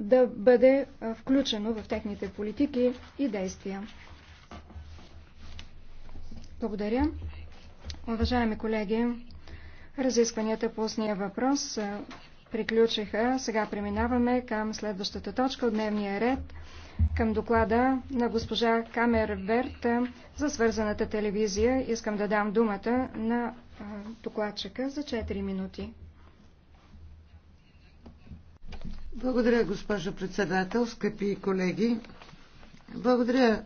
да бъде включено в техните политики и действия. Благодаря. Уважаеми колеги, разискванията по устния въпрос приключиха. Сега преминаваме към следващата точка от дневния ред, към доклада на госпожа Камер Верт за свързаната телевизия. Искам да дам думата на докладчика за 4 минути. Благодаря, госпожо председател, скъпи колеги. Благодаря е,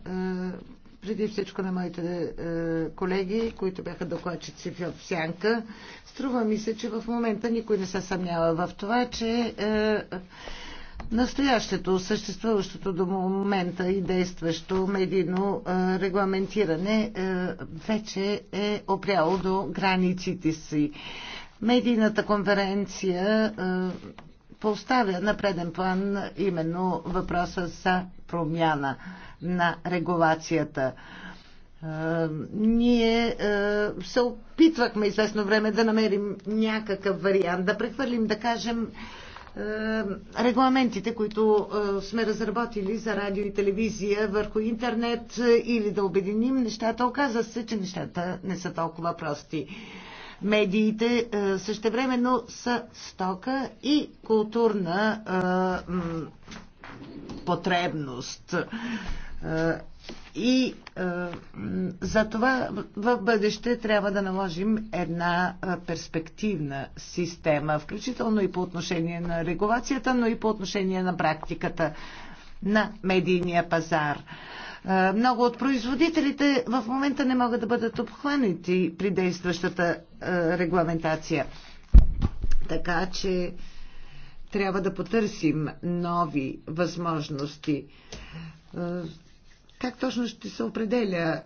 преди всичко на моите е, колеги, които бяха докладчици в Сянка. Струва ми се, че в момента никой не се съмнява в това, че е, настоящето, съществуващото до момента и действащо медийно регламентиране вече е опряло до границите си. Медийната конференция поставя на преден план именно въпроса за промяна на регулацията. Е, ние е, се опитвахме известно време да намерим някакъв вариант, да прехвърлим, да кажем, е, регламентите, които сме разработили за радио и телевизия върху интернет или да обединим нещата. Оказа се, че нещата не са толкова прости Медиите е, същевременно са стока и културна е, потребност. Е, и е, за това в бъдеще трябва да наложим една перспективна система, включително и по отношение на регулацията, но и по отношение на практиката на медийния пазар. Е, е, много от производителите в момента не могат да бъдат обхванати при действащата е, регламентация. Така че трябва да потърсим нови възможности. Е, как точно ще се определя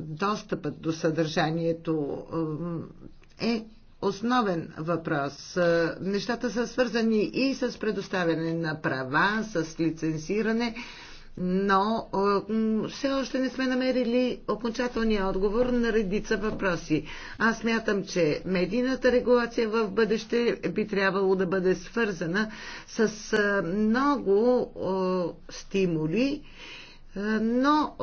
достъпът до съдържанието е основен въпрос. Нещата са свързани и с предоставяне на права, с лицензиране но все още не сме намерили окончателния отговор на редица въпроси. Аз мятам, че медийната регулация в бъдеще би трябвало да бъде свързана с много стимули, но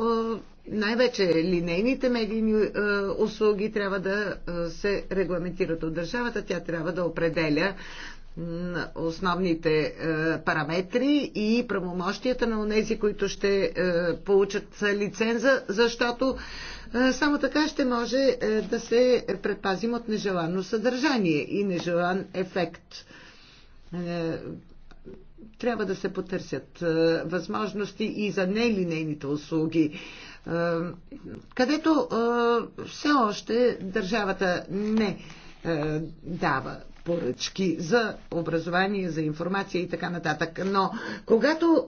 най-вече линейните медийни услуги трябва да се регламентират от държавата. Тя трябва да определя основните е, параметри и правомощията на тези, които ще е, получат лиценза, защото е, само така ще може да се предпазим от нежелано съдържание и нежелан ефект. Трябва да се потърсят възможности и за нелинейните услуги където все още държавата не дава поръчки за образование, за информация и така нататък. Но когато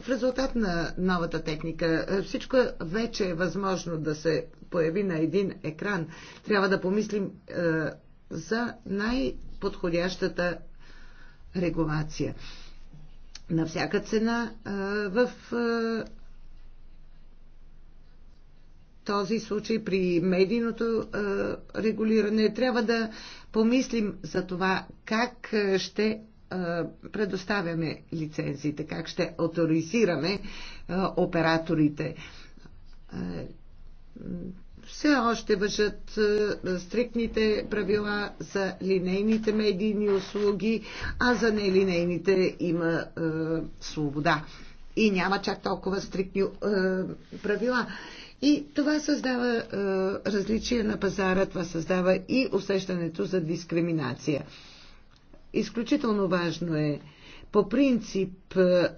в резултат на новата техника всичко вече е възможно да се появи на един екран, трябва да помислим за най-подходящата регулация. На всяка цена в този случай при медийното регулиране. Трябва да помислим за това как ще предоставяме лицензиите, как ще авторизираме операторите. Все още въжат стриктните правила за линейните медийни услуги, а за нелинейните има свобода и няма чак толкова стриктни правила. И това създава е, различие на пазара, това създава и усещането за дискриминация. Изключително важно е по принцип е,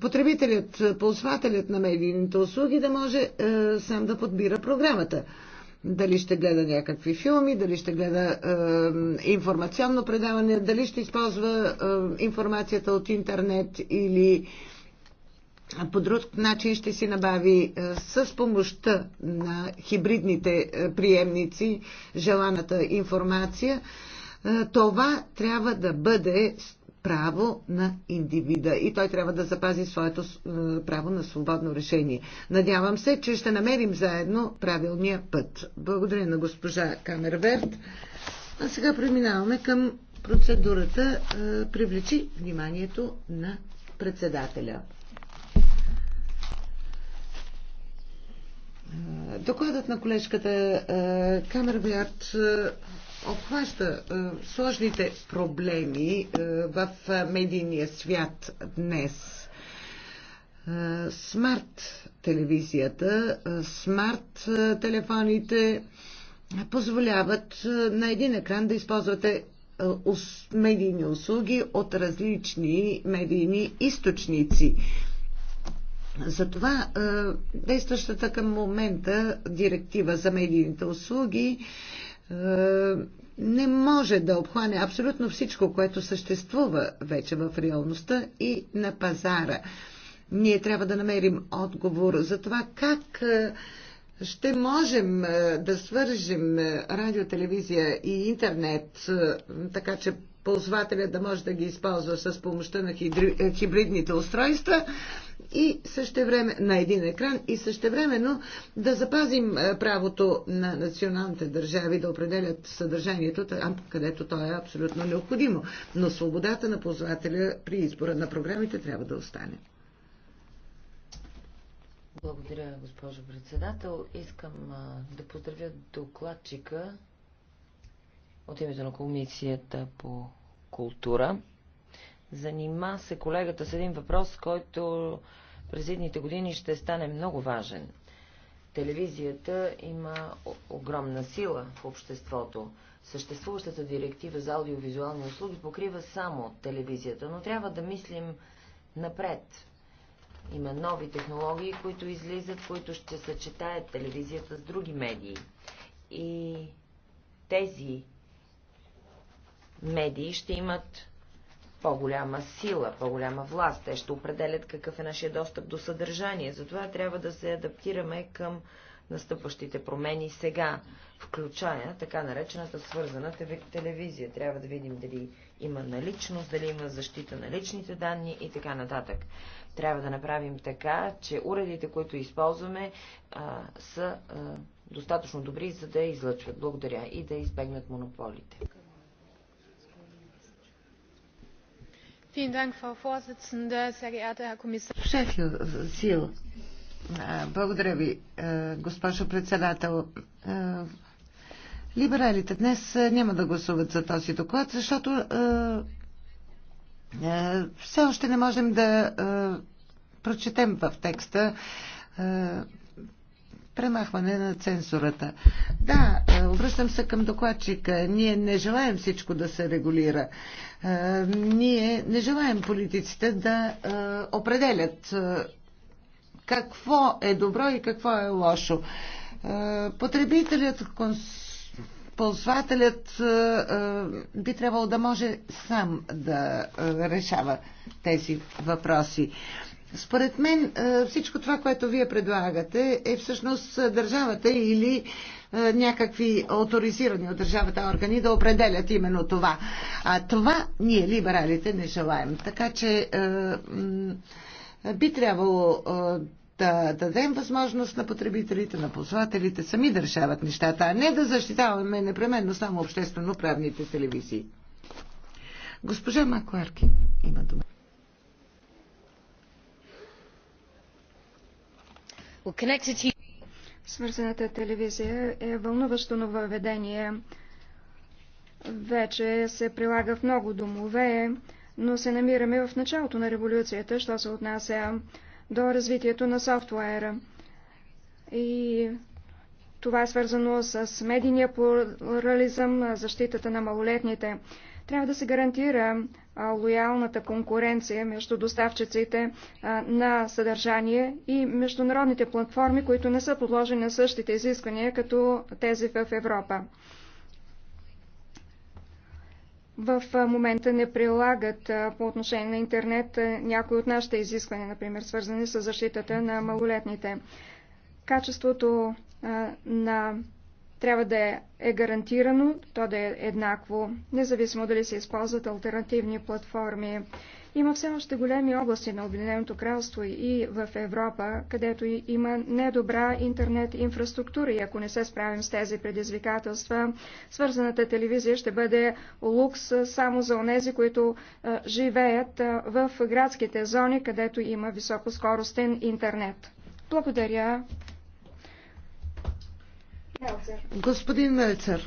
потребителят, ползвателят на медийните услуги да може е, сам да подбира програмата. Дали ще гледа някакви филми, дали ще гледа е, информационно предаване, дали ще използва е, информацията от интернет или е, по друг начин ще си набави е, с помощта на хибридните е, приемници желаната информация. Е, това трябва да бъде право на индивида и той трябва да запази своето право на свободно решение. Надявам се, че ще намерим заедно правилния път. Благодаря на госпожа Камерверт. А сега преминаваме към процедурата. Привлечи вниманието на председателя. Докладът на колежката е, Камербиард е, обхваща е, сложните проблеми в медийния свят днес. Смарт телевизията, смарт телефоните позволяват на един екран да използвате медийни услуги от различни медийни източници. Затова е, действащата към момента директива за медийните услуги е, не може да обхване абсолютно всичко, което съществува вече в реалността и на пазара. Ние трябва да намерим отговор за това как е, ще можем да свържем радио, телевизия и интернет, така че ползвателя да може да ги използва с помощта на хибридните устройства и също време, на един екран и също да запазим е, правото на националните държави да определят съдържанието там, където то е абсолютно необходимо. Но свободата на ползвателя при избора на програмите трябва да остане. Благодаря, госпожо председател. Искам да поздравя докладчика от името на Комисията по култура. Занима се колегата с един въпрос, който през едните години ще стане много важен. Телевизията има огромна сила в обществото. Съществуващата директива за аудиовизуални услуги покрива само телевизията, но трябва да мислим напред. Има нови технологии, които излизат, които ще съчетаят телевизията с други медии. И тези медии ще имат по-голяма сила, по-голяма власт. Те ще определят какъв е нашия достъп до съдържание. Затова трябва да се адаптираме към настъпващите промени сега, включая така наречената свързана телевизия. Трябва да видим дали има наличност, дали има защита на личните данни и така нататък. Трябва да направим така, че уредите, които използваме, а, са а, достатъчно добри, за да излъчват. Благодаря и да избегнат монополите. Frau Vorsitzende, sehr geehrter Herr Kommissar. Шефил, благодаря ви, госпожо председател. Либералите днес няма да гласуват за този доклад, защото все още не можем да прочетем в текста премахване на цензурата. Да, е, обръщам се към докладчика. Ние не желаем всичко да се регулира. Е, ние не желаем политиците да е, определят какво е добро и какво е лошо. Потребителят, ползвателят би трябвало да може сам да решава тези въпроси. Според мен е, всичко това, което вие предлагате, е всъщност държавата или е, някакви авторизирани от държавата органи да определят именно това. А това ние, либералите, не желаем. Така че е, би трябвало да дадем възможност на потребителите, на ползвателите сами да решават нещата, а не да защитаваме непременно само обществено-правните телевизии. Госпожа Макуарки има дума. Свързаната телевизия е вълнуващо нововведение. Вече се прилага в много домове, но се намираме в началото на революцията, що се отнася до развитието на софтуера. И това е свързано с медийния плурализъм, защитата на малолетните. Трябва да се гарантира лоялната конкуренция между доставчиците на съдържание и международните платформи, които не са подложени на същите изисквания, като тези в Европа. В момента не прилагат по отношение на интернет някои от нашите изисквания, например, свързани с защитата на малолетните. Качеството на трябва да е гарантирано, то да е еднакво, независимо дали се използват альтернативни платформи. Има все още големи области на Обединеното кралство и в Европа, където има недобра интернет инфраструктура и ако не се справим с тези предизвикателства, свързаната телевизия ще бъде лукс само за онези, които живеят в градските зони, където има високоскоростен интернет. Благодаря Господин Мелцер,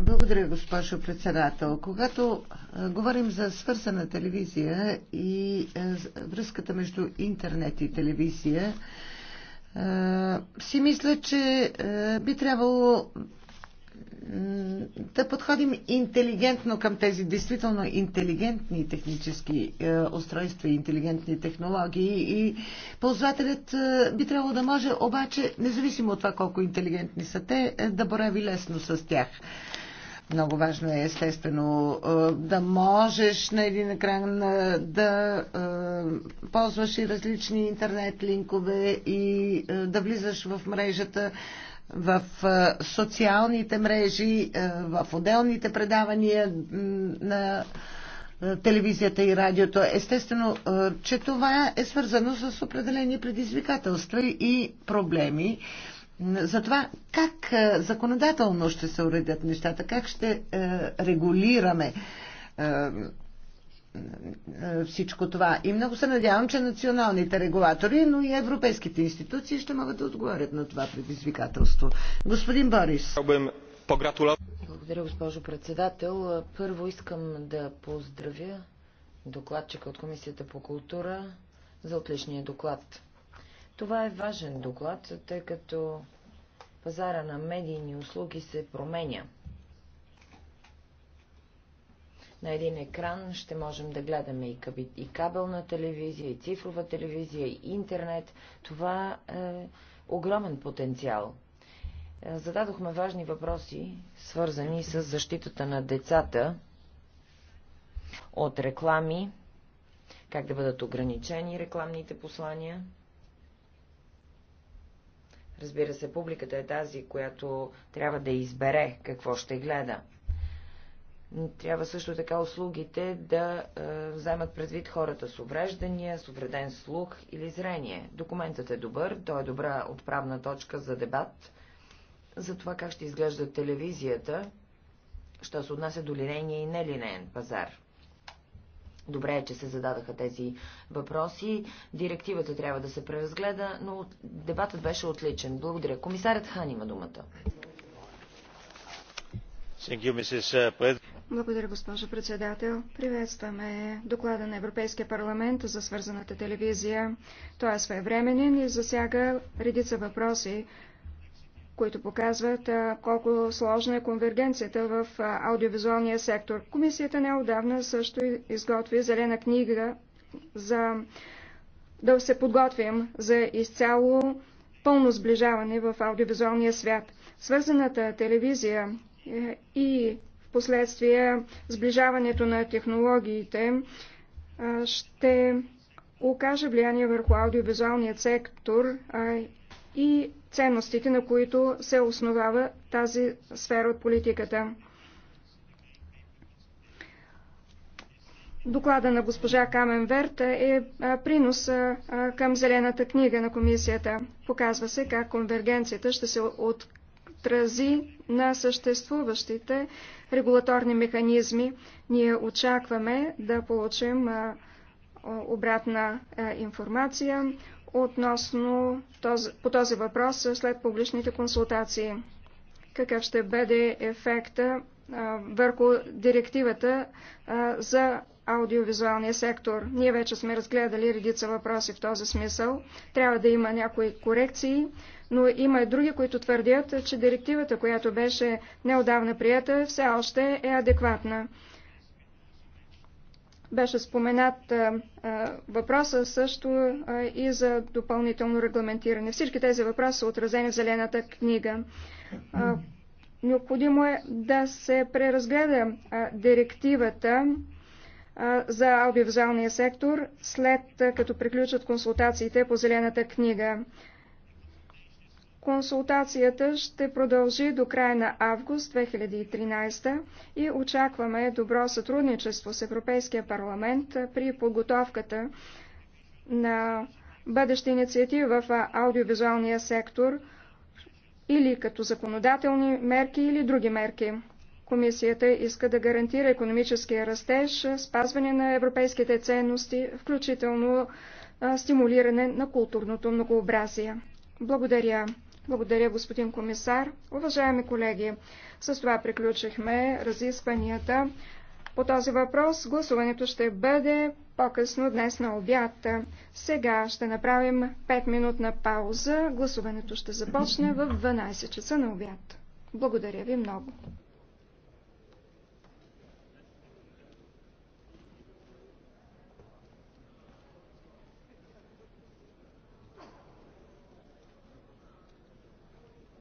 благодаря, госпожо председател. Когато а, говорим за свързана телевизия и а, връзката между интернет и телевизия, а, си мисля, че а, би трябвало да подходим интелигентно към тези действително интелигентни технически е, устройства и интелигентни технологии и ползвателят е, би трябвало да може обаче, независимо от това колко интелигентни са те, е, да борави лесно с тях. Много важно е, естествено, да можеш на един екран да ползваш и различни интернет линкове и да влизаш в мрежата в социалните мрежи, в отделните предавания на телевизията и радиото. Естествено, че това е свързано с определени предизвикателства и проблеми. За това как законодателно ще се уредят нещата, как ще регулираме всичко това. И много се надявам, че националните регулатори, но и европейските институции ще могат да отговорят на това предизвикателство. Господин Борис. Благодаря, госпожо председател. Първо искам да поздравя докладчика от Комисията по култура за отличния доклад. Това е важен доклад, тъй като пазара на медийни услуги се променя на един екран ще можем да гледаме и, и кабелна телевизия, и цифрова телевизия, и интернет. Това е огромен потенциал. Е, зададохме важни въпроси, свързани с защитата на децата от реклами, как да бъдат ограничени рекламните послания. Разбира се, публиката е тази, която трябва да избере какво ще гледа. Трябва също така услугите да е, вземат предвид хората с увреждания, с увреден слух или зрение. Документът е добър, той е добра отправна точка за дебат за това как ще изглежда телевизията, що се отнася до линейния и нелинейен пазар. Добре е, че се зададаха тези въпроси. Директивата трябва да се преразгледа, но дебатът беше отличен. Благодаря. Комисарят Хан има думата. Благодаря, госпожо председател. Приветстваме доклада на Европейския парламент за свързаната телевизия. Той е своевременен и засяга редица въпроси, които показват колко сложна е конвергенцията в аудиовизуалния сектор. Комисията неодавна също изготви зелена книга за да се подготвим за изцяло пълно сближаване в аудиовизуалния свят. Свързаната телевизия и в последствие сближаването на технологиите ще окаже влияние върху аудиовизуалния сектор и ценностите, на които се основава тази сфера от политиката. Доклада на госпожа Каменверт е принос към Зелената книга на комисията. Показва се как конвергенцията ще се от отрази на съществуващите регулаторни механизми. Ние очакваме да получим обратна информация относно този, по този въпрос след публичните консултации. Какъв ще бъде ефекта върху директивата за аудиовизуалния сектор. Ние вече сме разгледали редица въпроси в този смисъл. Трябва да има някои корекции, но има и други, които твърдят, че директивата, която беше неодавна прията, все още е адекватна. Беше споменат а, а, въпроса също а, и за допълнително регламентиране. Всички тези въпроси са отразени в Зелената книга. А, Необходимо е да се преразгледа директивата за аудиовизуалния сектор, след като приключат консултациите по Зелената книга. Консултацията ще продължи до края на август 2013 и очакваме добро сътрудничество с Европейския парламент при подготовката на бъдеща инициатива в аудиовизуалния сектор – или като законодателни мерки или други мерки. Комисията иска да гарантира економическия растеж, спазване на европейските ценности, включително стимулиране на културното многообразие. Благодаря. Благодаря, господин комисар. Уважаеми колеги, с това приключихме разискванията. По този въпрос гласуването ще бъде по-късно днес на обяд. Сега ще направим 5-минутна пауза. Гласуването ще започне в 12 часа на обяд. Благодаря ви много.